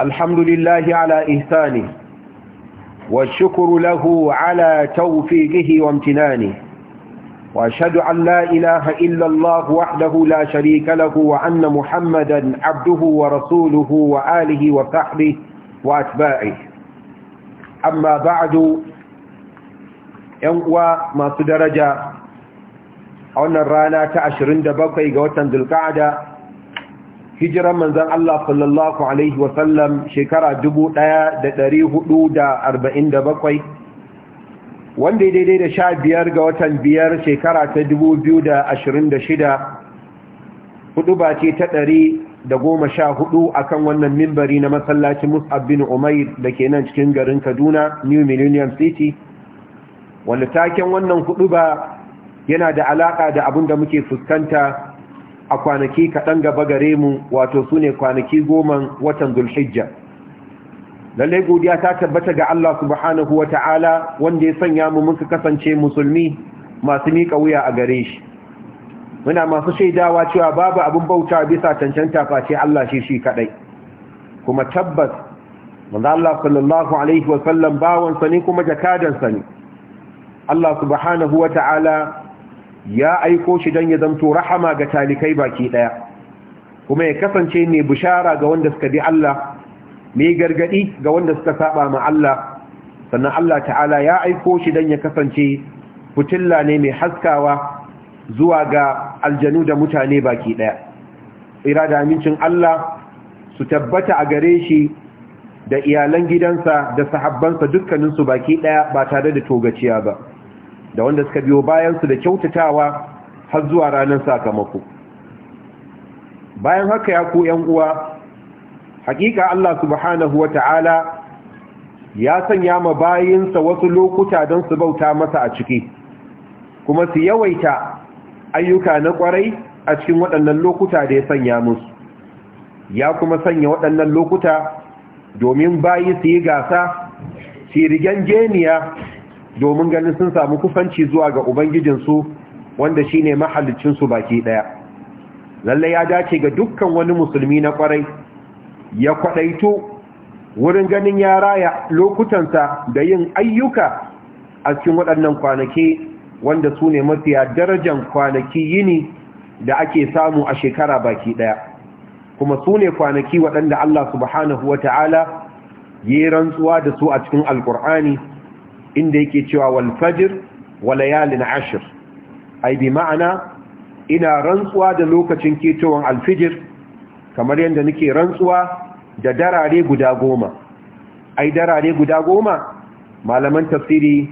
الحمد لله على إحسانه والشكر له على توفيقه وامتنانه وأشهد أن لا إله إلا الله وحده لا شريك له وأن محمدا عبده ورسوله وآله وصحبه وأتباعه أما بعد ينقوى ما صدرجا أن الرانات تأشرين دبقي قوة ذو القعدة hijiran manzan Allah sallallahu Alaihi wasallam shekara 1447 wanda daidai da sha biyar ga watan biyar shekara ta 2026 hudu ba ce ta ɗari da goma sha hudu a kan wannan mimbari na masallacin mus'ab bin umair da ke nan cikin garin kaduna new millennium city wanda taken wannan hudu ba yana da alaka da abin da muke fuskanta a kwanaki kaɗan gaba gare mu wato su ne kwanaki goman watan zulhijja lallai godiya ta tabbata ga Allah subhanahu wa ta'ala wanda ya sanya mu muka kasance musulmi masu miƙa wuya a gare shi muna masu shaidawa cewa babu abin bauta bisa cancanta face Allah shi shi kaɗai kuma tabbas manzo Allah sallallahu alaihi wa sallam bawansa ne kuma jakadansa ne Allah subhanahu wa ta'ala ya aiko shi don ya zamto rahama ga talikai baki ɗaya, kuma ya kasance ne bishara ga wanda suka bi Allah mai gargaɗi ga wanda suka saba ma Allah sannan Allah ta'ala ya aiko shi don ya kasance fitilla ne mai haskawa zuwa ga aljanu da mutane baki daya da amincin Allah su tabbata a gare shi da iyalan gidansa da sahabbansa dukkaninsu baki ɗaya ba tare da togaciya ba da wanda suka biyo bayansu da kyautatawa har zuwa ranar sakamako bayan haka ya ku ‘yan uwa hakika Allah subhanahu wa ta'ala ya sanya ma bayinsa wasu lokuta don su bauta masa a ciki kuma su yawaita ayyuka na kwarai a cikin waɗannan lokuta da ya sanya musu ya kuma sanya waɗannan lokuta domin bayi su yi gasa shirigen jeniya domin ganin sun samu kufanci zuwa ga ubangijinsu wanda shi ne mahallicinsu baki ɗaya. lalle ya dace ga dukkan wani musulmi na kwarai ya kwaɗaito wurin ganin ya raya lokutansa da yin ayyuka a cikin waɗannan kwanaki wanda su ne mafiya darajan kwanaki yini da ake samu a shekara baki ɗaya kuma su ne kwanaki waɗanda Allah subhanahu wa ta'ala yi rantsuwa da su a cikin alƙur'ani inda yake cewa wal fajr wa layalin ashr ai bi ma'ana ina rantsuwa da lokacin ketowar alfijir kamar yadda nake rantsuwa da darare guda goma ai darare guda goma malaman tafsiri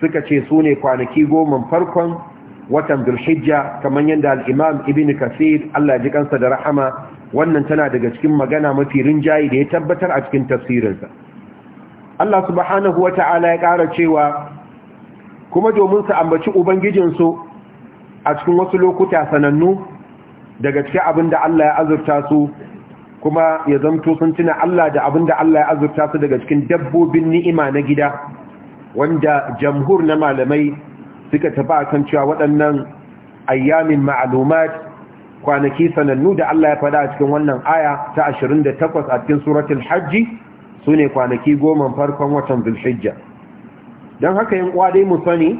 suka ce sune kwanaki goma farkon watan dulhijja kamar yadda al'imam ibn kasir Allah ji kansa da rahama wannan tana daga cikin magana mafi rinjayi da ya tabbatar a cikin tafsirinsa Allah subhanahu wa ta'ala ya ƙara cewa kuma domin su ambaci ubangijinsu a cikin wasu lokuta sanannu daga cikin abin da Allah ya azurta su kuma ya zamto sun tuna Allah da abin da Allah ya azurta su daga cikin dabbobin ni'ima na gida wanda jamhur na malamai suka taba kan cewa waɗannan ayyamin ma'alumat kwanaki sanannu da Allah ya faɗa cikin wannan aya ta 28 a cikin suratul hajji su ne kwanaki goma farkon watan zulhijja don haka yin uwa dai mu sani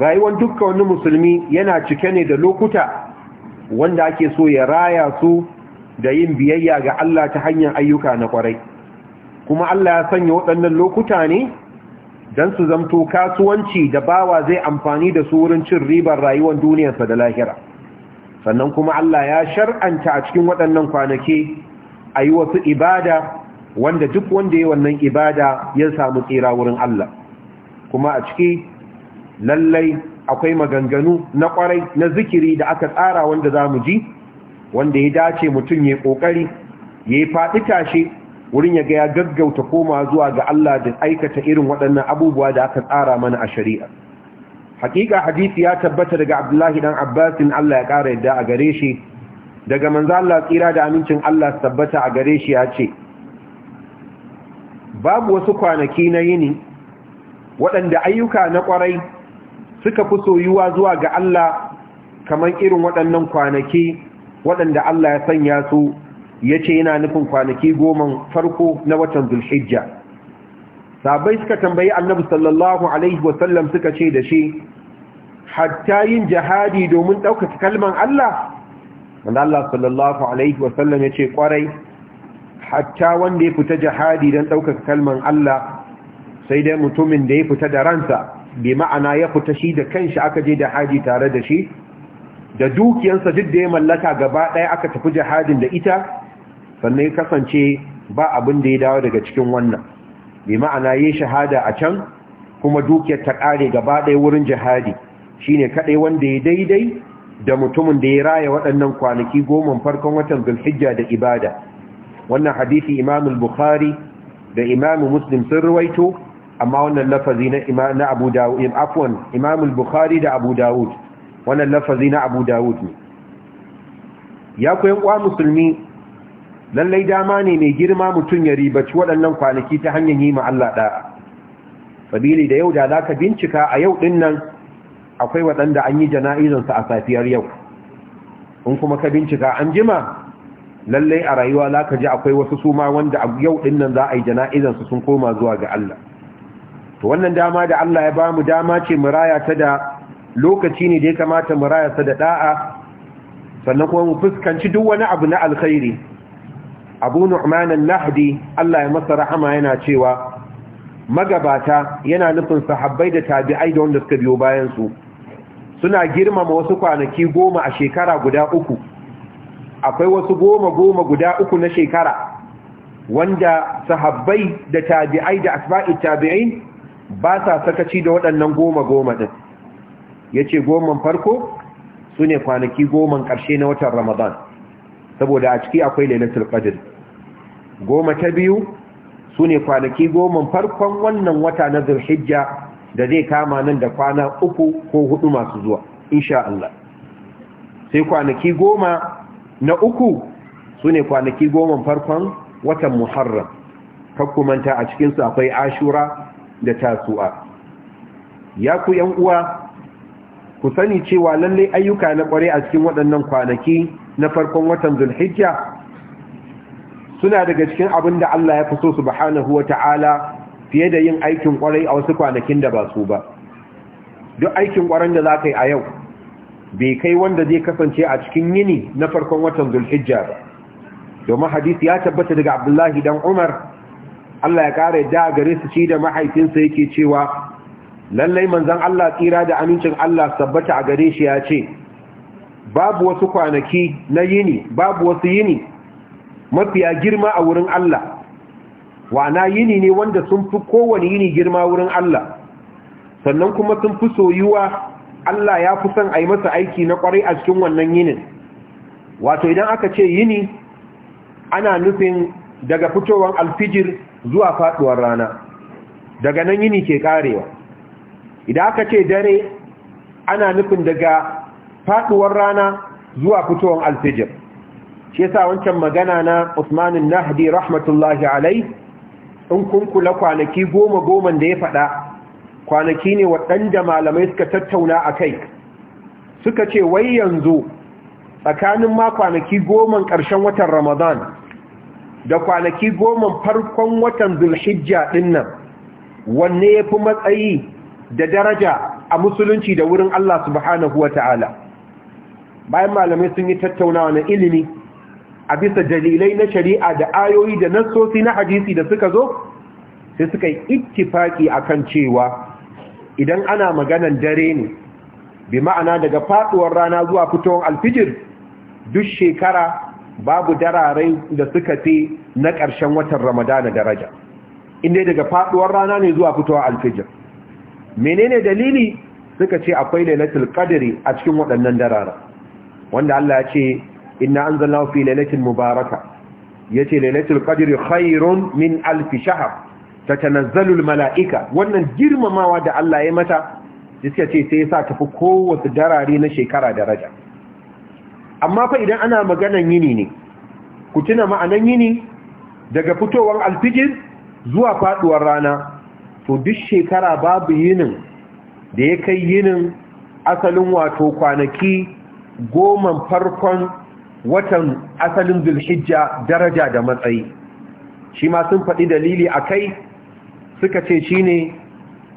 rayuwar dukkan wani musulmi yana cike ne da lokuta wanda ake so ya raya su da yin biyayya ga Allah ta hanyar ayyuka na kwarai kuma Allah ya sanya waɗannan lokuta ne don su zamto kasuwanci da bawa zai amfani da su wurin cin ribar rayuwar duniyarsa da lahira sannan kuma Allah ya shar'anta a cikin waɗannan kwanaki a yi wasu ibada wanda duk wanda ya wannan ibada ya samu tsira wurin Allah kuma a ciki lallai akwai maganganu na kwarai na zikiri da aka tsara wanda za mu ji wanda ya dace mutum ya kokari ya yi faɗi tashe wurin ya ga ya gaggauta koma zuwa ga Allah da aikata irin waɗannan abubuwa da aka tsara mana a shari'a hakika hadisi ya tabbata daga Abdullahi dan Abbasin Allah ya ƙara yadda a gare shi daga manzo Allah tsira da amincin Allah tabbata a gare shi ya ce babu wasu kwanaki na yini waɗanda ayyuka na ƙwarai suka fi soyuwa zuwa ga Allah kamar irin waɗannan kwanaki waɗanda Allah ya sanya su ya ce yana nufin kwanaki goman farko na watan zulhijja sabai suka tambayi annabi sallallahu alaihi wasallam suka ce da shi hatta yin jihadi domin ɗaukaka kalman Allah wanda Allah sallallahu alaihi wasallam ya ce ƙwarai hatta wanda ya fita jihadi don ɗaukaka kalman Allah sai dai mutumin da ya fita da ransa bi ma'ana ya fita shi da kanshi aka je da haji tare da shi da dukiyansa duk da ya mallaka gaba ɗaya aka tafi jihadin da ita sannan ya kasance ba abin da ya dawo daga cikin wannan bi ma'ana ya shahada a can kuma dukiyar ta ƙare gaba ɗaya wurin jihadi shine kaɗai wanda ya daidai da mutumin da ya raya waɗannan kwanaki goma farkon watan zulhijja da ibada wannan hadisi imam bukhari da imam muslim sun ruwaito amma wannan lafazi na abu dawud afwan imam bukhari da abu dawud wannan lafazi na abu dawud ne ya koyan kwa musulmi lallai dama ne mai girma mutum ya ribaci waɗannan kwanaki ta hanyar yi ma Allah ɗaya sabili da yau da za ka bincika a yau ɗin nan akwai waɗanda an yi jana'izonsa a safiyar yau in kuma ka bincika an jima lallai a rayuwa za ka ji akwai wasu suma wanda yau din za a yi su sun koma zuwa ga Allah to wannan dama da Allah ya bamu dama ce mu raya ta da lokaci ne da ya kamata mu raya ta da da'a sannan kuma mu fuskanci duk wani abu na alkhairi Abu Nu'man al-Nahdi Allah ya masa rahama yana cewa magabata yana nufin sahabbai da tabi'ai da wanda suka biyo bayansu, suna girmama wasu kwanaki goma a shekara guda uku akwai wasu goma goma guda uku na shekara wanda sahabbai da tabi'ai da asba'i tabi'in ba sa sakaci da waɗannan goma goma ɗin. Ya ce goman farko sune kwanaki goman ƙarshe na watan Ramadan saboda a ciki akwai lalatar ƙadir goma ta biyu sune kwanaki goman farkon wannan wata na Zulhijja da zai kama nan da kwana uku ko hudu masu zuwa insha Allah sai kwanaki goma na uku su ne kwanaki goma farkon watan muharram manta a cikinsu akwai ashura da tasu'a ya ku yan uwa ku sani cewa lallai ayyuka na kware a cikin waɗannan kwanaki na farkon watan zulhijja suna daga cikin abin da Allah ya fi so subhanahu wa ta'ala fiye da yin aikin kwarai a wasu kwanakin da ba su ba duk aikin kwaran da za ka yi a yau bai kai wanda zai kasance a cikin yini na farkon watan zulhijja ba domin hadisi ya tabbata daga abdullahi dan umar Allah ya kare da gare su ci da mahaifinsa yake cewa lallai manzon Allah tsira da amincin Allah sabbata a gare shi ya ce babu wasu kwanaki na yini babu wasu yini mafiya girma a wurin Allah wana yini ne wanda sun fi kowane yini girma wurin Allah sannan kuma sun fi soyuwa Allah ya fi son a yi masa aiki na ƙwarai a cikin wannan yinin wato idan aka ce yini ana nufin daga fitowar alfijir zuwa faɗuwar rana daga nan yini ke ƙarewa, idan aka ce dare ana nufin daga faɗuwar rana zuwa fitowar alfijir shi yasa wancan magana na Usmanin Nahdi rahmatullahi alai in kun kula kwanaki goma goman da ya faɗa kwanaki ne waɗanda malamai suka tattauna a kai suka ce wai yanzu tsakanin ma kwanaki goman ƙarshen watan ramadan da kwanaki goman farkon watan zulhijja ɗinnan wanne ya fi matsayi da daraja a musulunci da wurin Allah subhanahu wa ta'ala bayan malamai sun yi tattaunawa na ilimi a bisa dalilai na shari'a da ayoyi da nassosi na hadisi da suka zo sai suka yi ittifaki akan cewa idan ana maganan dare ne bi ma'ana daga faduwar rana zuwa fitowar alfijir duk shekara babu dararai da suka fi na ƙarshen watan ramadana daraja inda daga faɗuwar rana ne zuwa fitowar alfijir menene dalili suka ce akwai lailatul qadri a cikin waɗannan darara wanda Allah ya ce inna zan fi lailatin mubaraka yace lailatul qadri khairun min alf shahr tatanazzalul mala'ika wannan girmamawa da Allah ya mata suka ce sai ya sa tafi kowace darare na shekara daraja amma fa idan ana maganan yini ne ku tuna ma'anan yini daga fitowar alfijir zuwa faduwar rana to duk shekara babu yinin da ya kai yinin asalin wato kwanaki goma farkon watan asalin zulhijja daraja da matsayi shi ma sun faɗi dalili a kai suka ce shi ne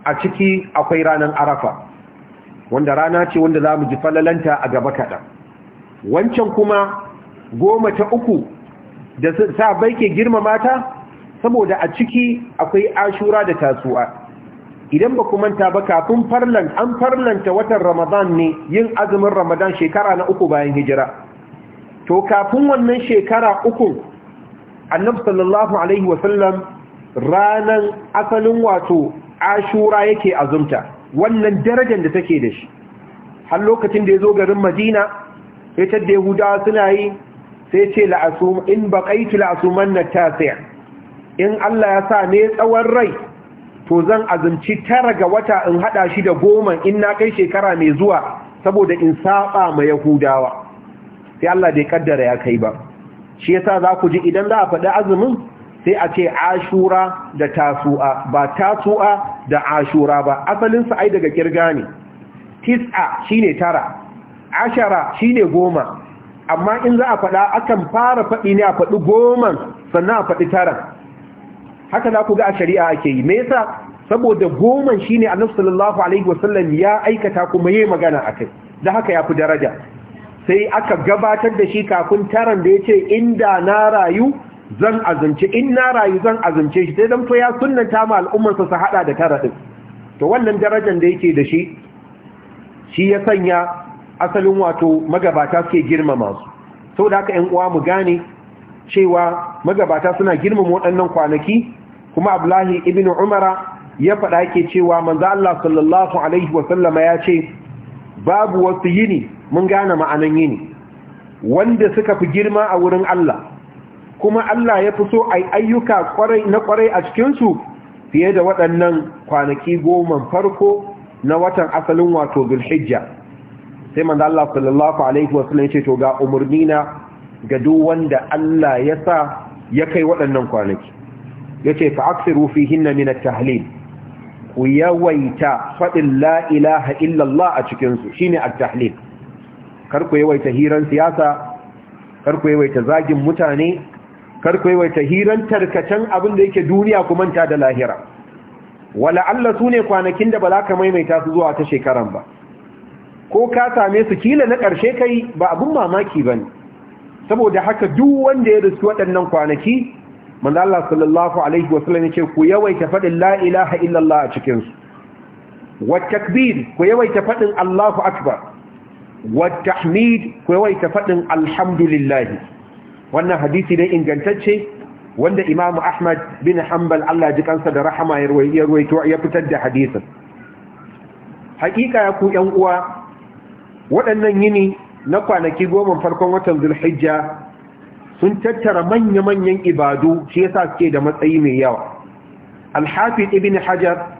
a ciki akwai ranar arafa wanda rana ce wanda za mu ji falalanta a gaba kaɗan wancan kuma goma ta uku da sa bai ke girmama ta saboda a ciki akwai ashura da tasuwa. idan ba manta ba kafin farlan an farlanta watan ramadan ne yin azumin ramadan shekara na uku bayan hijira to kafin wannan shekara uku annabi sallallahu alaihi wasallam ranan asalin wato ashura yake azumta wannan darajar da take da shi har lokacin da ya zo garin madina sai ta da yahudawa suna yi sai ce in baƙaitu la'asuman na tasiya in allah ya sa ne tsawon rai to zan azumci tara ga wata in haɗa shi da goma in na kai shekara mai zuwa saboda in saba ma yahudawa sai allah bai kaddara ya kai ba shi yasa za ku ji idan za a faɗi azumin sai a ce ashura da tasu'a ba tasu'a da ashura ba asalin sa ai daga kirga ne tis'a shine tara ashara shine goma amma in za a faɗa akan fara faɗi ne a faɗi goman sannan a faɗi taran haka za ku ga a shari'a ake yi me yasa saboda goman shine annabi sallallahu alaihi wasallam ya aikata kuma yayi magana akai da haka ya fi daraja sai aka gabatar da shi kafin taran da yace inda na rayu zan azance in na rayu zan azance shi sai dan to ya sunanta ma al'ummarsa su hada da tara din to wannan darajar da yake da shi shi ya sanya asalin wato magabata suke girmama su da haka 'yan uwa mu gane cewa magabata suna girmama waɗannan kwanaki kuma Abdullahi ibn Umara ya faɗa yake cewa manzo Allah sallallahu alaihi wasallama ya ce babu wasu yini mun gane ma'anan yini wanda suka fi girma a wurin Allah kuma Allah ya fi so a yi ayyuka na kwarai a cikinsu fiye da waɗannan kwanaki goma farko na watan asalin wato bilhijja sai manzo Allah sallallahu alaihi wasallam ce to ga umarni na ga wanda Allah ya sa ya kai waɗannan kwanaki Ya ce fa aksiru hinna mina at-tahlil ku yawaita faɗin la'ilaha ilaha illallah a cikinsu shi ne a tahlil kar ku yawaita hiran siyasa kar ku yawaita zagin mutane kar ku yawaita hiran tarkacen abin da yake duniya ku manta da lahira wala Allah sune kwanakin da ba za ka maimaita su zuwa ta shekaran ba ko ka same su kila na ƙarshe kai ba abin mamaki ba ne saboda haka duk wanda ya riski waɗannan kwanaki manzo Allah sallallahu alaihi wasallam yace ku yawaita fadin la ilaha illallah a cikin su wa takbir ku yawaita fadin Allahu akbar wa tahmid ku yawaita fadin alhamdulillah wannan hadisi ne ingantacce wanda imamu ahmad bin hanbal Allah ji kansa da rahama ya ruwaito ya fitar da hadisin hakika ya ku yan uwa waɗannan yini na kwanaki goma farkon watan zulhijja sun tattara manya-manyan ibadu shi yasa suke da matsayi mai yawa alhafi ibn hajar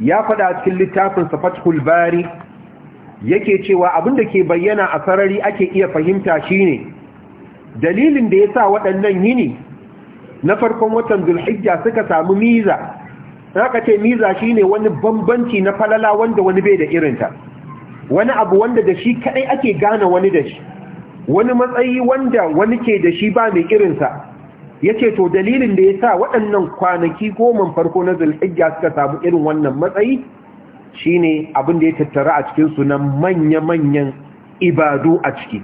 ya faɗa cikin littafin safatul bari yake cewa abinda ke bayyana a sarari ake iya fahimta shine dalilin da ya sa waɗannan yini na farkon watan zulhijja suka samu miza ka ce miza shi ne wani bambanci na falala wanda wani bai da irinta wani abu wanda da shi kaɗai ake gane wani da shi wani matsayi wanda wani ke da shi ba mai irinsa ce to dalilin da ya sa waɗannan kwanaki goma farko na zulhijja suka samu irin wannan matsayi shi ne abin da ya tattara a cikinsu na manya-manyan ibadu a ciki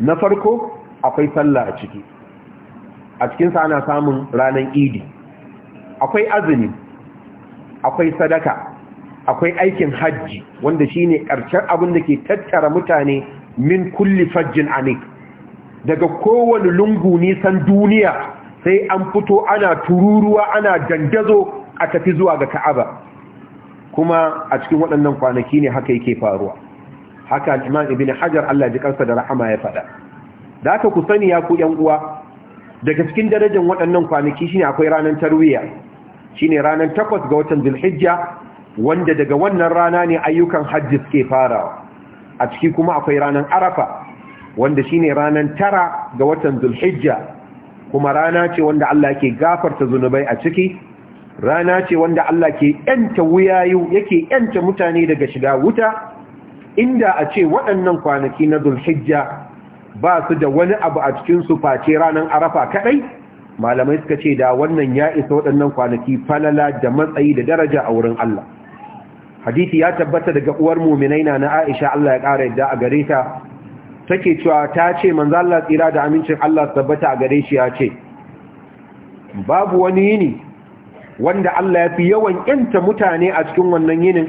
na farko akwai sallah a ciki a cikinsa ana samun ranar idi akwai azumi akwai sadaka akwai aikin hajji wanda shine ƙarshen abin da ke tattara mutane min kulli fajjin anik daga kowane lungu nisan duniya sai an fito ana tururuwa ana dandazo a tafi zuwa ga ka'aba kuma a cikin waɗannan kwanaki ne haka yake faruwa haka imam ibn hajar Allah ji ƙarsa da rahama ya faɗa da aka ku sani ya ku yan uwa daga cikin darajar waɗannan kwanaki shine akwai ranar Shi shine ranar takwas ga watan zulhijja wanda daga wannan rana ne ayyukan hajji suke farawa a ciki kuma akwai ranar arafa wanda shine ranar tara ga watan zulhijja kuma rana ce wanda Allah ke gafarta zunubai a ciki rana ce wanda Allah ke yanta wuyayu yake yanta mutane daga shiga wuta inda a ce waɗannan kwanaki na zulhijja ba su da wani abu a cikin su face ranar arafa kadai malamai suka ce da wannan ya isa waɗannan kwanaki falala da matsayi da daraja a wurin Allah hadisi ya tabbata daga uwar muminaina na Aisha Allah ya ƙara yadda a gare ta take cewa ta ce manzo Allah tsira da amincin Allah tabbata a gare shi ya ce babu wani yini wanda Allah ya fi yawan yanta mutane a cikin wannan yinin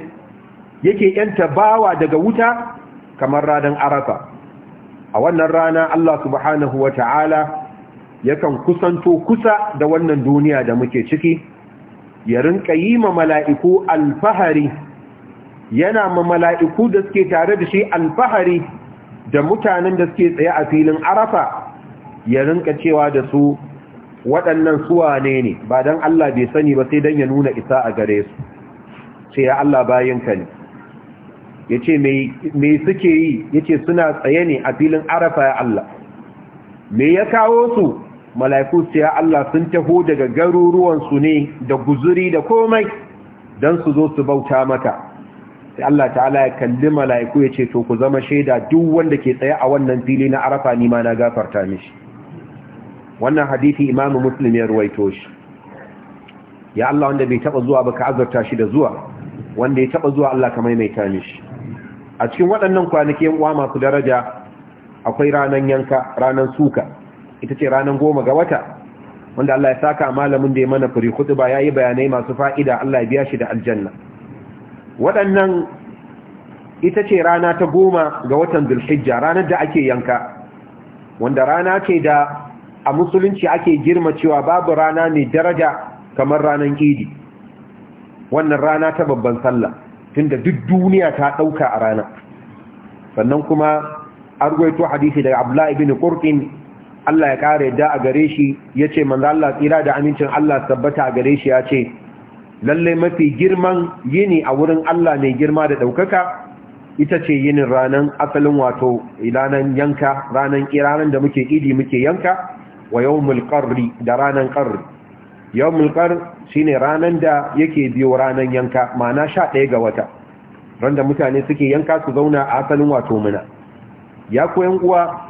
yake yanta bawa daga wuta kamar ranar arafa a wannan rana Allah subhanahu wa ta'ala yakan kusanto kusa da wannan duniya da muke ciki ya rinka yi ma mala'iku alfahari yana ma mala'iku da suke tare da shi alfahari da mutanen da suke tsaye a filin arafa ya rinka cewa da su waɗannan suwa ne ne ba don Allah bai sani ba sai don ya nuna isa a gare su sai ya Allah ka ne ya ce mai suke yi ya ce suna tsaye ne a filin arafa ya Allah me ya kawo su mala'iku su ya Allah sun taho daga garuruwansu ne da guzuri da komai don su zo su bauta maka sai Allah ta'ala ya kalli mala'iku ya ce to ku zama shaida duk wanda ke tsaye a wannan fili na arafa ni ma na gafarta mishi wannan hadithi imamu muslim ya ruwaito shi ya Allah wanda bai taba zuwa ba ka azurta shi da zuwa wanda ya taba zuwa Allah ka maimaita mishi a cikin waɗannan kwanakin uwa masu daraja akwai ranan yanka ranan suka ita ce ranan goma ga wata wanda Allah ya saka malamin da ya mana furi hudu ba yi bayanai masu fa'ida Allah ya biya shi da aljanna waɗannan ita ce rana ta goma ga watan Zulhijja ranar da ake yanka wanda rana ce da a musulunci ake girma cewa babu rana mai daraja kamar ranar idi wannan rana ta babban sallah tunda duk duniya ta ɗauka a rana sannan kuma an hadisi daga abdullahi bin qurtin Allah ya kare da a gare shi yace manzo Allah tsira da amincin Allah tabbata a gare shi yace lalle mafi girman yini a wurin Allah mai girma da daukaka ita ce yinin ranan asalin wato ilanan yanka ranan kiranan da muke idi muke yanka wa yawmul qarri da ranan qarri mulkar shi ne ranar da yake biyo ranar yanka ma'ana ɗaya ga wata randa mutane suke yanka su zauna a asalin wato muna ya koyan uwa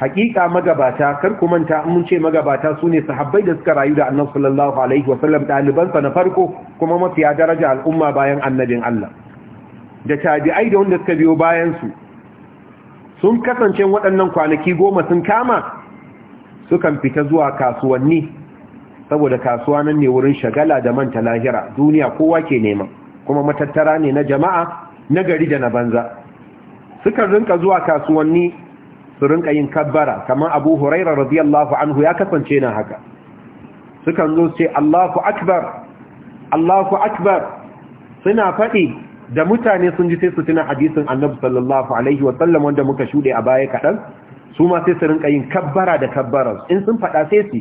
hakika magabata kar ku manta mun ce magabata su sune sahabbai da suka rayu da Annabi sallallahu alaihi wasallam dalibansa na farko kuma mafiya daraja al'umma bayan annabin Allah da tabi'ai da wanda suka biyo bayan su sun kasance waɗannan kwanaki goma sun kama sukan fita zuwa kasuwanni saboda kasuwa nan ne wurin shagala da manta lahira duniya kowa ke nema kuma matattara ne na jama'a na gari da na banza sukan rinka zuwa kasuwanni su rinka yin kabbara kamar abu huraira radiyallahu anhu ya kasance na haka sukan zo ce Allahu akbar Allahu akbar suna faɗi da mutane sun ji sai su tuna hadisin annabi sallallahu alaihi wa sallam wanda muka shuɗe a baya kaɗan su ma sai su rinka yin kabbara da kabbara. in sun faɗa sai su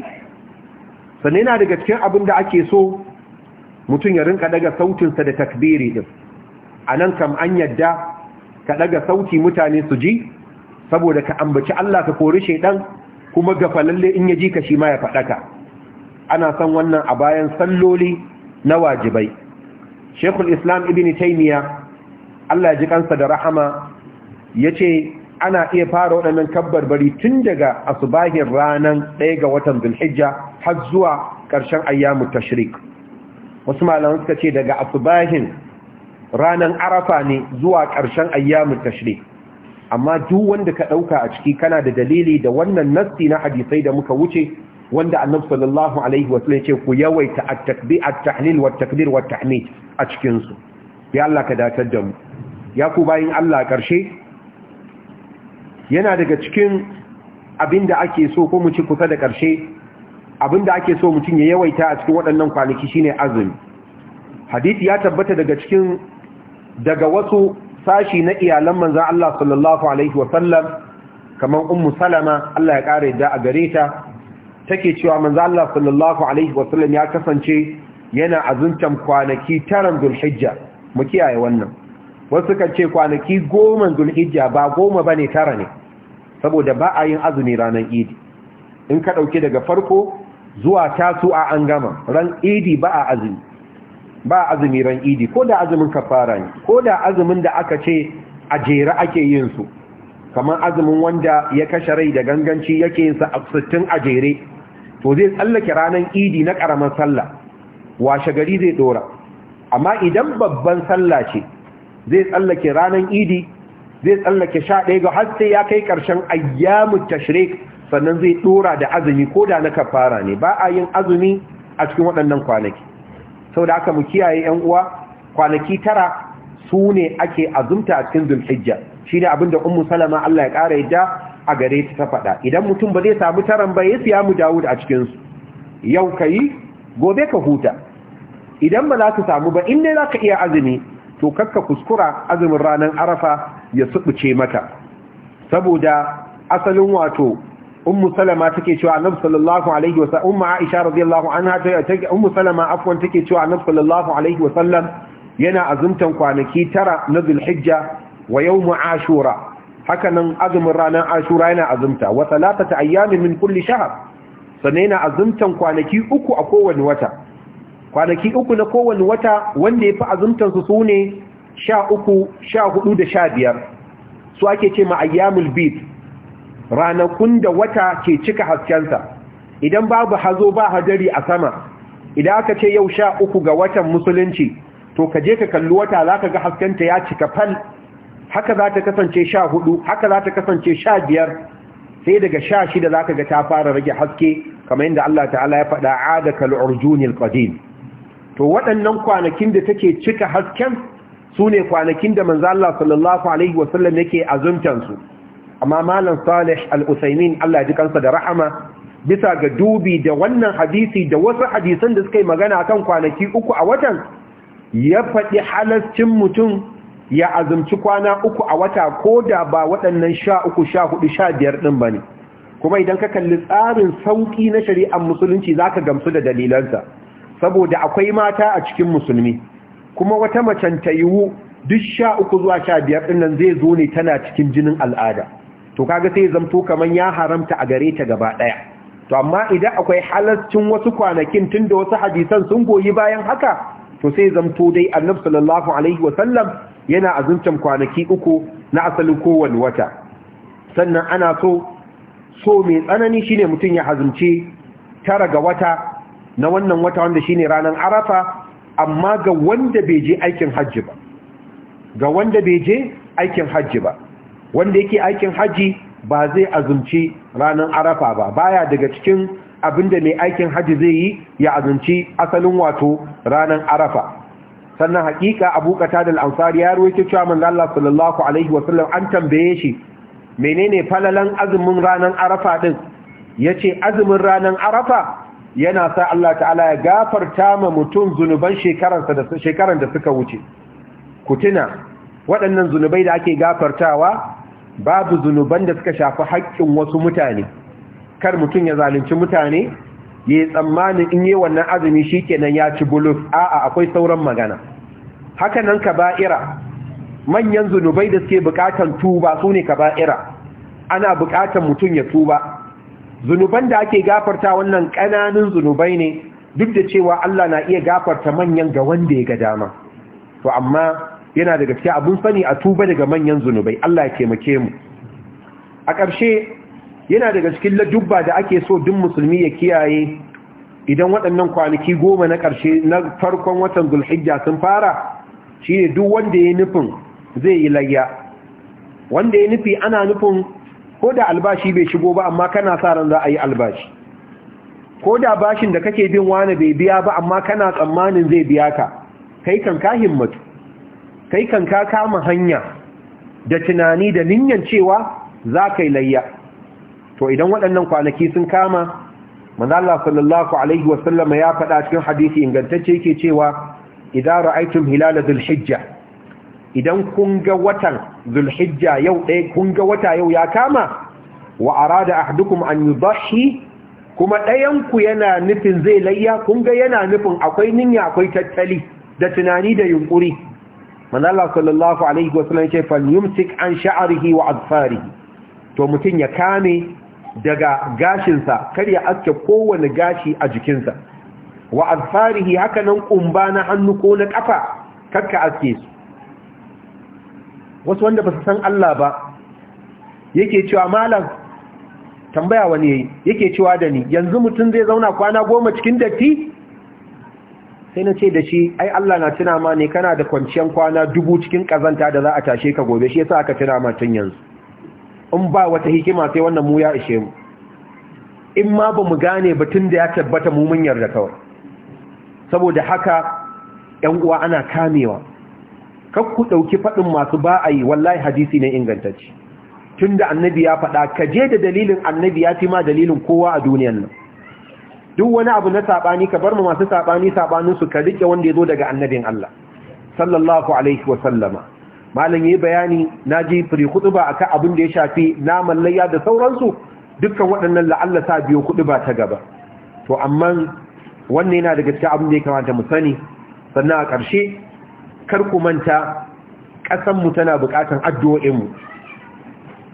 sannan yana daga cikin abin da ake so mutum ya rinka daga sautinsa da takbiri din a nan kam an yadda ka daga sauti mutane su ji saboda ka ambaci Allah ka kori shaidan kuma ga falalle in ya ji ka shi ma ya faɗaka ana son wannan a bayan salloli na wajibai shekul islam ibn taimiya Allah Ya ji kansa da rahama ya ce ana iya fara waɗannan bari tun daga asubahin ranan ɗaya ga watan zulhijja har zuwa ƙarshen ayyamu tashrik wasu malaman suka ce daga asubahin ranar arafa ne zuwa ƙarshen ayyamu tashrik amma duk wanda ka ɗauka a ciki kana da dalili da wannan nassi na hadisai da muka wuce wanda annabi sallallahu alaihi ce ku yawaita at-takbir at-tahlil wat-takbir tahmid a cikin su ya Allah ka datar da mu ya ku bayin Allah ƙarshe yana daga cikin abin da ake so ko mu ci kusa da ƙarshe abin da ake so mutum ya yawaita a cikin waɗannan kwanaki shine azumi hadith ya tabbata daga cikin daga wasu sashi na iyalan manzan Allah sallallahu alaihi wa kamar ummu salama Allah ya ƙara yadda a gare ta take cewa manzan Allah sallallahu alaihi wa ya kasance yana azuntan kwanaki taran zulhijja mu kiyaye wannan wasu kan ce kwanaki goma zulhijja ba goma bane tara ne saboda ba a yin azumi ranar idi in ka ɗauki daga farko zuwa tasu a an gama ran idi ba a azumi ba a azumi ran idi ko da azumin kafara ne ko da azumin da aka ce a jere ake yin su kamar azumin wanda ya kashe rai da ganganci yake yin sa a 60 a jere to zai tsallake ranar idi na karamar sallah washe gari zai dora amma idan babban sallah ce zai tsallake ranar idi zai tsallake sha ɗaya ga har sai ya kai ƙarshen ayyamun tashrik sannan zai ɗora da azumi ko da na kafara ne ba a yin azumi a cikin waɗannan kwanaki sau da aka mu kiyaye ‘yan uwa kwanaki tara su ne ake azumta a cikin zulhijja shi ne abin da umu salama Allah ya ƙara yadda a gare ta ta faɗa idan mutum ba zai samu taran ba ya siya mu dawud a cikinsu yau ka yi gobe ka huta idan ba za ka samu ba in ne za ka iya azumi to kakka kuskura azumin ranar arafa ya suɓuce mata saboda asalin wato ummu salama take cewa annabi sallallahu alaihi wasallam Umma aisha radiyallahu anha take ummu salama afwan take cewa annabi sallallahu alaihi wasallam yana azumtan kwanaki tara na zulhijja wa yawmu ashura nan, azumin ranar ashura yana azumta wa salatata ayyamin min kulli shahr sannan yana azumtan kwanaki uku a kowane wata kwanaki uku na kowane wata wanda ya fi azumtansu su ne sha uku sha hudu da sha biyar su ake ce ma ayyamul bit ranakun da wata ke cika haskensa idan babu hazo ba hadari a sama idan aka ce yau sha uku ga watan musulunci to ka je ka kalli wata za ka ga haskenta ya cika fal haka za ta kasance sha hudu haka za ta kasance sha biyar sai daga sha shida za ka ga ta fara rage haske kamar yadda Allah ta'ala ya faɗa adaka al qadim to waɗannan kwanakin da take cika hasken su ne kwanakin da manzo Allah sallallahu alaihi wasallam yake azumtansu amma malam Salih al Allah ji kansa da rahama bisa ga dubi da wannan hadisi da wasu hadisan da suka yi magana kan kwanaki uku a watan ya faɗi halascin mutum ya azumci kwana uku a wata ko da ba waɗannan sha uku sha hudu sha biyar ɗin ba ne kuma idan ka kalli tsarin sauƙi na shari'ar musulunci za ka gamsu da dalilansa saboda akwai mata a cikin musulmi kuma wata macen ta yiwu duk sha uku zuwa sha biyar ɗin nan zai zo ne tana cikin jinin al'ada to kaga sai zamto kaman ya haramta a gare ta gaba ɗaya to amma idan akwai halarcin wasu kwanakin tun da wasu hadisan sun goyi bayan haka to sai zamto dai annabi sallallahu alaihi wa yana azumtan kwanaki uku na asalin kowane wata sannan ana so so mai tsanani shine mutum ya hazumce tara ga wata na wannan wata wanda shi ne ranar arafa amma ga wanda bai je aikin hajji ba ga wanda bai je aikin hajji ba wanda yake aikin hajji ba zai azumci ranar arafa ba baya daga cikin abinda mai aikin hajji zai yi ya azumci asalin wato ranar arafa sannan hakika abu kata da ansari ya cewa manzo Allah sallallahu alaihi wasallam an tambaye shi menene falalan azumin ranar arafa din ce azumin ranar arafa yana sa Allah ta'ala ya gafarta ma mutum zunuban shekarar da suka wuce ku waɗannan zunubai da ake gafartawa babu zunuban da suka shafi haƙƙin wasu mutane kar mutum ya zalunci mutane ya yi tsammanin in yi wannan azumi shi kenan ya ci bulu a'a akwai sauran magana haka nan ka kaba'ira manyan zunubai da suke buƙatan tuba su ne kaba'ira ana buƙatan mutum ya tuba zunuban da ake gafarta wannan ƙananun zunubai ne duk da cewa Allah na iya gafarta manyan ga wanda ya ga dama to amma yana da gaskiya abun sani a tuba daga manyan zunubai Allah ya taimake mu a ƙarshe yana daga cikin ladubba da ake so duk musulmi ya kiyaye idan waɗannan kwanaki goma na ƙarshe na farkon watan zulhijja sun fara shi ne duk wanda ya nufin zai yi layya wanda ya nufi ana nufin ko da albashi bai shigo ba amma kana sa ran za a yi albashi ko da bashin da kake bin wani bai biya ba amma kana tsammanin zai biya ka kai kan ka himmatu kai kan ka kama hanya da tunani da niyyar cewa za ka yi layya to idan waɗannan kwanaki sun kama manzo Allah sallallahu alaihi wasallam ya faɗa cikin hadisi ingantacce yake cewa idza ra'aytum hilal dhul hijja idan kun ga watan zulhijja yau ɗaya kun ga wata yau ya kama wa arada ahdukum an shi. kuma ɗayan ku yana nufin zai layya kun ga yana nufin akwai ninya akwai tattali da tunani da yunkuri manalla sallallahu alaihi wa sallam ce fal yumsik an sha'rihi wa adfarihi to mutum ya kame daga gashinsa kar ya aske kowane gashi a jikinsa wa adfarihi haka nan kumba na hannu ko na kafa ka aske su wasu wanda ba su san Allah ba yake cewa malam tambaya wani yayi yake cewa da ni yanzu mutum zai zauna kwana goma cikin datti sai na ce da shi ai Allah na tuna ma ne kana da kwanciyar kwana dubu cikin kazanta da za a tashe ka gobe shi yasa aka tuna ma tun yanzu in ba wata hikima sai wannan mu ya ishe mu in ma ba mu gane batun da ya tabbata mu mun yarda kawai saboda haka 'yan uwa ana kamewa kar ku ɗauki faɗin masu ba a yi wallahi hadisi ne ingantacci tun da annabi ya faɗa ka je da dalilin annabi ya fi ma dalilin kowa a duniyan nan duk wani abu na saɓani ka bar ma masu saɓani saɓaninsu ka riƙe wanda ya zo daga annabin Allah sallallahu alaihi wa sallama malam yayi bayani naji firi khutba akan abin da ya shafi na layya da sauransu dukkan waɗannan la'alla ta biyo ba ta gaba to amma wannan yana daga cikin abin da ya kamata mu sani sannan a ƙarshe kar ku manta ƙasanmu tana buƙatan addu'o'inmu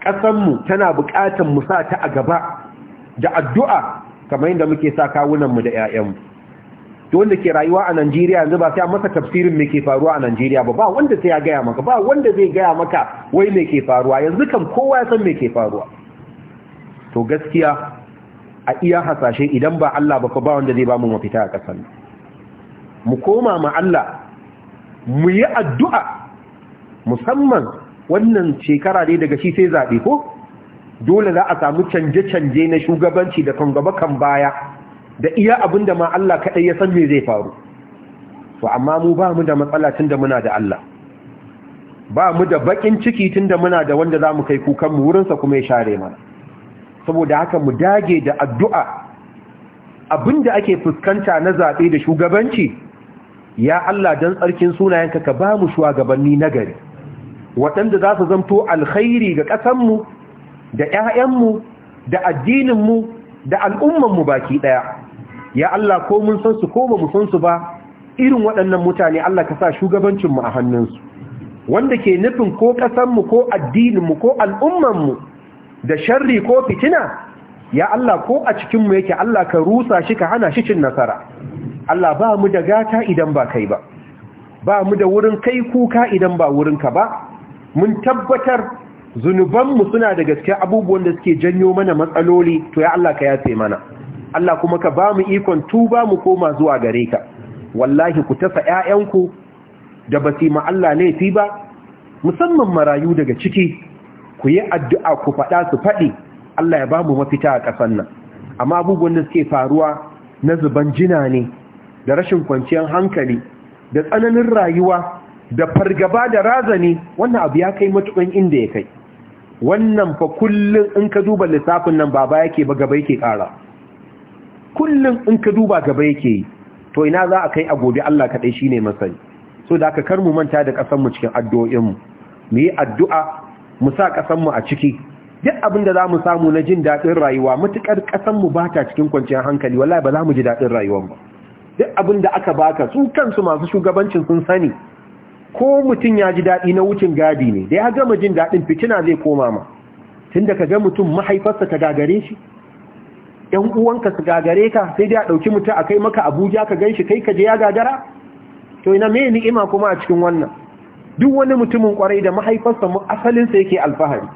ƙasanmu tana buƙatan mu sa ta a gaba da addu'a kamar yadda muke sa kawunanmu da ‘ya'yanmu to wanda ke rayuwa a Najeriya yanzu ba sai a masa tafsirin me ke faruwa a Najeriya ba ba wanda sai ya gaya maka ba wanda zai gaya maka wai me ke faruwa yanzu kan kowa ya san me ke faruwa to gaskiya a iya hasashe idan ba Allah ba fa ba wanda zai ba mu mafita a ƙasar mu koma ma Allah mu yi addu'a musamman wannan shekara ne daga shi sai zaɓe ko dole za a samu canje-canje na shugabanci da kan gaba kan baya da iya abin da ma Allah kaɗai ya san me zai faru to amma mu ba mu da matsala tun da muna da Allah ba mu da baƙin ciki tun da muna da wanda za mu kai kukanmu wurinsa kuma ya share ma. saboda haka mu dage da addu'a abin da ake fuskanta na zaɓe da shugabanci ya Allah dan tsarkin sunayenka ka ba mu shugabanni gari, waɗanda za su zamto alkhairi ga ƙasanmu da 'ya'yanmu da addininmu da al'ummanmu baki ɗaya ya Allah ko mun san su ko ba mu san su ba irin waɗannan mutane Allah ka sa shugabancinmu a hannunsu wanda ke nufin ko ƙasanmu ko addininmu ko al'ummanmu da sharri ko fitina ya Allah ko a cikinmu yake Allah ka rusa shi ka hana shi cin nasara Allah ba mu da gata idan ba kai ba ba mu da wurin kai kuka idan ba wurin ka ba mun tabbatar zunubanmu suna da gaske abubuwan da suke janyo mana matsaloli to ya Allah ka yafe mana Allah kuma ka ba mu ikon tuba mu koma zuwa gare ka wallahi ku tafa 'ya'yanku da ma Allah laifi ba musamman marayu daga ciki ku yi addu'a ku faɗa su faɗi Allah ya ba mu mafita a ƙasar nan amma abubuwan da suke faruwa na zuban jina ne da rashin kwanciyar hankali da tsananin rayuwa da fargaba da razani wannan abu ya kai matukan inda ya kai wannan fa kullum in ka duba lissafin nan baba yake ba gaba yake kara kullum in ka duba gaba yake yi to ina za a kai a gobe Allah kaɗai shi ne masani so da aka kar mu manta da ƙasanmu cikin addu'o'inmu mu yi addu'a mu sa ƙasanmu a ciki duk abin da za mu samu na jin daɗin rayuwa matuƙar ƙasanmu ba ta cikin kwanciyar hankali wallahi ba za mu ji daɗin rayuwan ba duk abin da aka baka su kansu masu shugabancin sun sani ko mutum ya ji daɗi na wucin gadi ne da ya gama jin daɗin fitina zai koma ma tun da ka ga mutum mahaifarsa ta gagare shi ‘yan uwanka su gagare ka sai dai a ɗauki mutum a kai maka abuja ka gan shi kai ka je ya gagara to ina mai ni'ima kuma a cikin wannan duk wani mutumin kwarai da mahaifarsa asalinsa yake alfahari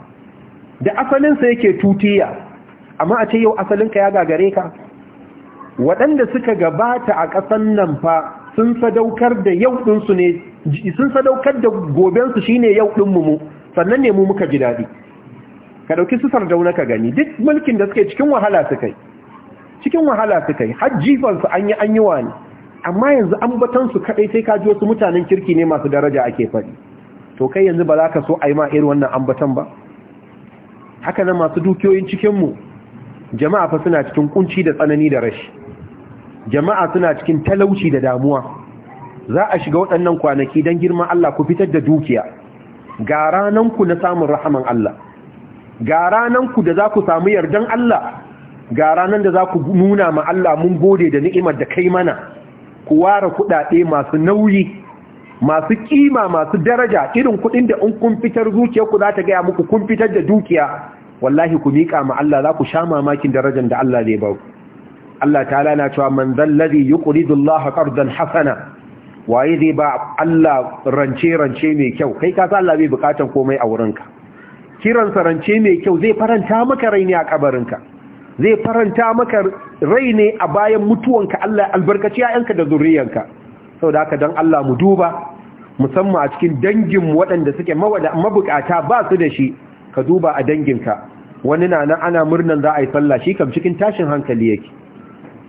da asalinsa yake tutiya amma a ce yau asalinka ya gagare ka waɗanda suka gabata a ƙasan nan fa sun sadaukar da yau ɗinsu ne sun sadaukar da gobensu ne yau ɗinmu mu sannan ne mu muka ji daɗi ka ɗauki su sardauna ka gani duk mulkin da suke cikin wahala suka yi cikin wahala suka yi har jifansu an yi an yi ne amma yanzu ambatansu kaɗai sai ka ji wasu mutanen kirki ne masu daraja ake faɗi to kai yanzu ba za ka so a yi ma irin wannan ambatan ba haka nan masu dukiyoyin cikinmu jama'a fa suna cikin kunci da tsanani da rashi jama'a suna cikin talauci da damuwa za a shiga waɗannan kwanaki don girma Allah ku fitar da dukiya ga rananku na samun rahaman Allah ga rananku da za ku samu yardan Allah ga ranan da za ku nuna ma Allah mun gode da ni'imar da kai mana ku ware kuɗaɗe masu nauyi masu kima masu daraja irin kuɗin da in kun fitar zuciyarku za ta gaya muku kun fitar da dukiya wallahi ku miƙa ma Allah za ku sha mamakin darajar da Allah zai ba ku Allah ta'ala na cewa man zalladhi yuqridu Allah qardan hasana waye zai ba Allah rance rance mai kyau kai ka san Allah bai bukatan komai a wurinka Kiransa rance mai kyau zai faranta maka rai ne a kabarinka zai faranta maka rai ne a bayan mutuwanka Allah albarkaci yayanka da zuriyanka saboda haka dan Allah mu duba musamman a cikin dangin waɗanda suke mabukata ba su da shi ka duba a danginka wani na nan ana murnan za a yi sallah shi kam cikin tashin hankali yake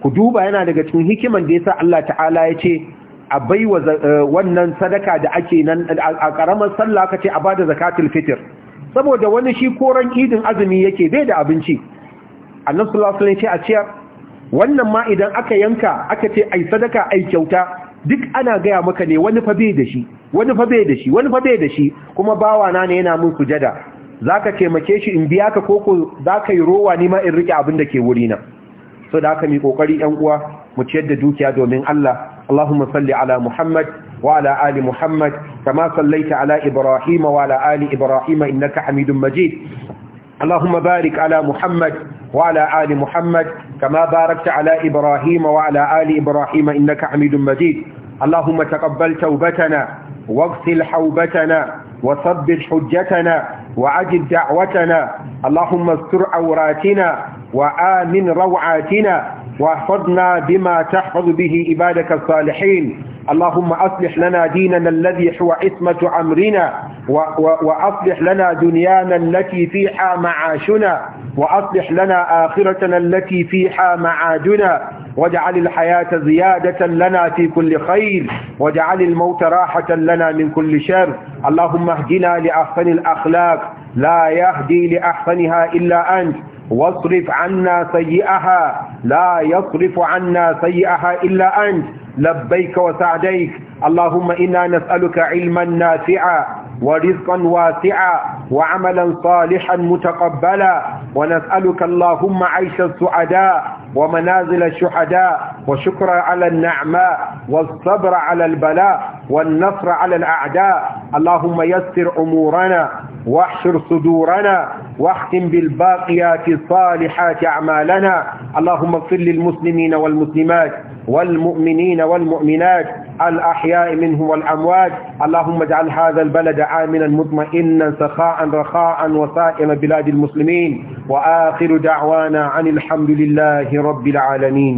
ku duba yana daga cikin hikiman da yasa Allah ta'ala ya ce a baiwa eh, wannan sadaka da ake nan a karamar sallah kace a bada zakatul fitr saboda wani shi koran idin azumi yake bai da abinci annabi sallallahu alaihi wasallam ya ce a wannan ma idan aka yanka aka ce ai sadaka ai kyauta duk ana gaya maka ne wani fa bai da shi wani fa bai da shi wani fa bai da shi kuma bawa na ne yana min sujada zaka taimake shi in biya ka koko zaka yi rowa ni ma in rike abin da ke wuri na so da aka mi kokari yan uwa mu ciyar da dukiya domin Allah Allahumma salli ala Muhammad wa ala ali Muhammad kama sallaita ala Ibrahim wa ala ali Ibrahim innaka Hamidum Majid Allahumma barik ala Muhammad wa ala ali Muhammad kama barakta ala ibrahima wa ala ali Ibrahim innaka Hamidum Majid Allahumma taqabbal tawbatana واغسل حوبتنا وصبر حجتنا وعجل دعوتنا اللهم استر عوراتنا وآمن روعاتنا واحفظنا بما تحفظ به عبادك الصالحين اللهم أصلح لنا ديننا الذي هو عصمة أمرنا وأصلح لنا دنيانا التي فيها معاشنا وأصلح لنا آخرتنا التي فيها معادنا واجعل الحياة زيادة لنا في كل خير واجعل الموت راحة لنا من كل شر اللهم اهدنا لأحسن الأخلاق لا يهدي لأحسنها إلا أنت واصرف عنا سيئها لا يصرف عنا سيئها إلا أنت لبيك وسعديك اللهم إنا نسألك علما نافعا ورزقا واسعا وعملا صالحا متقبلا ونسألك اللهم عيش السعداء ومنازل الشهداء وشكر على النعماء والصبر على البلاء والنصر على الأعداء اللهم يسر أمورنا واحشر صدورنا واختم بالباقيات الصالحات أعمالنا اللهم اغفر للمسلمين والمسلمات والمؤمنين والمؤمنات الأحياء منهم والأموات اللهم اجعل هذا البلد آمنا مطمئنا سخاء رخاء وسائر بلاد المسلمين وآخر دعوانا عن الحمد لله رب العالمين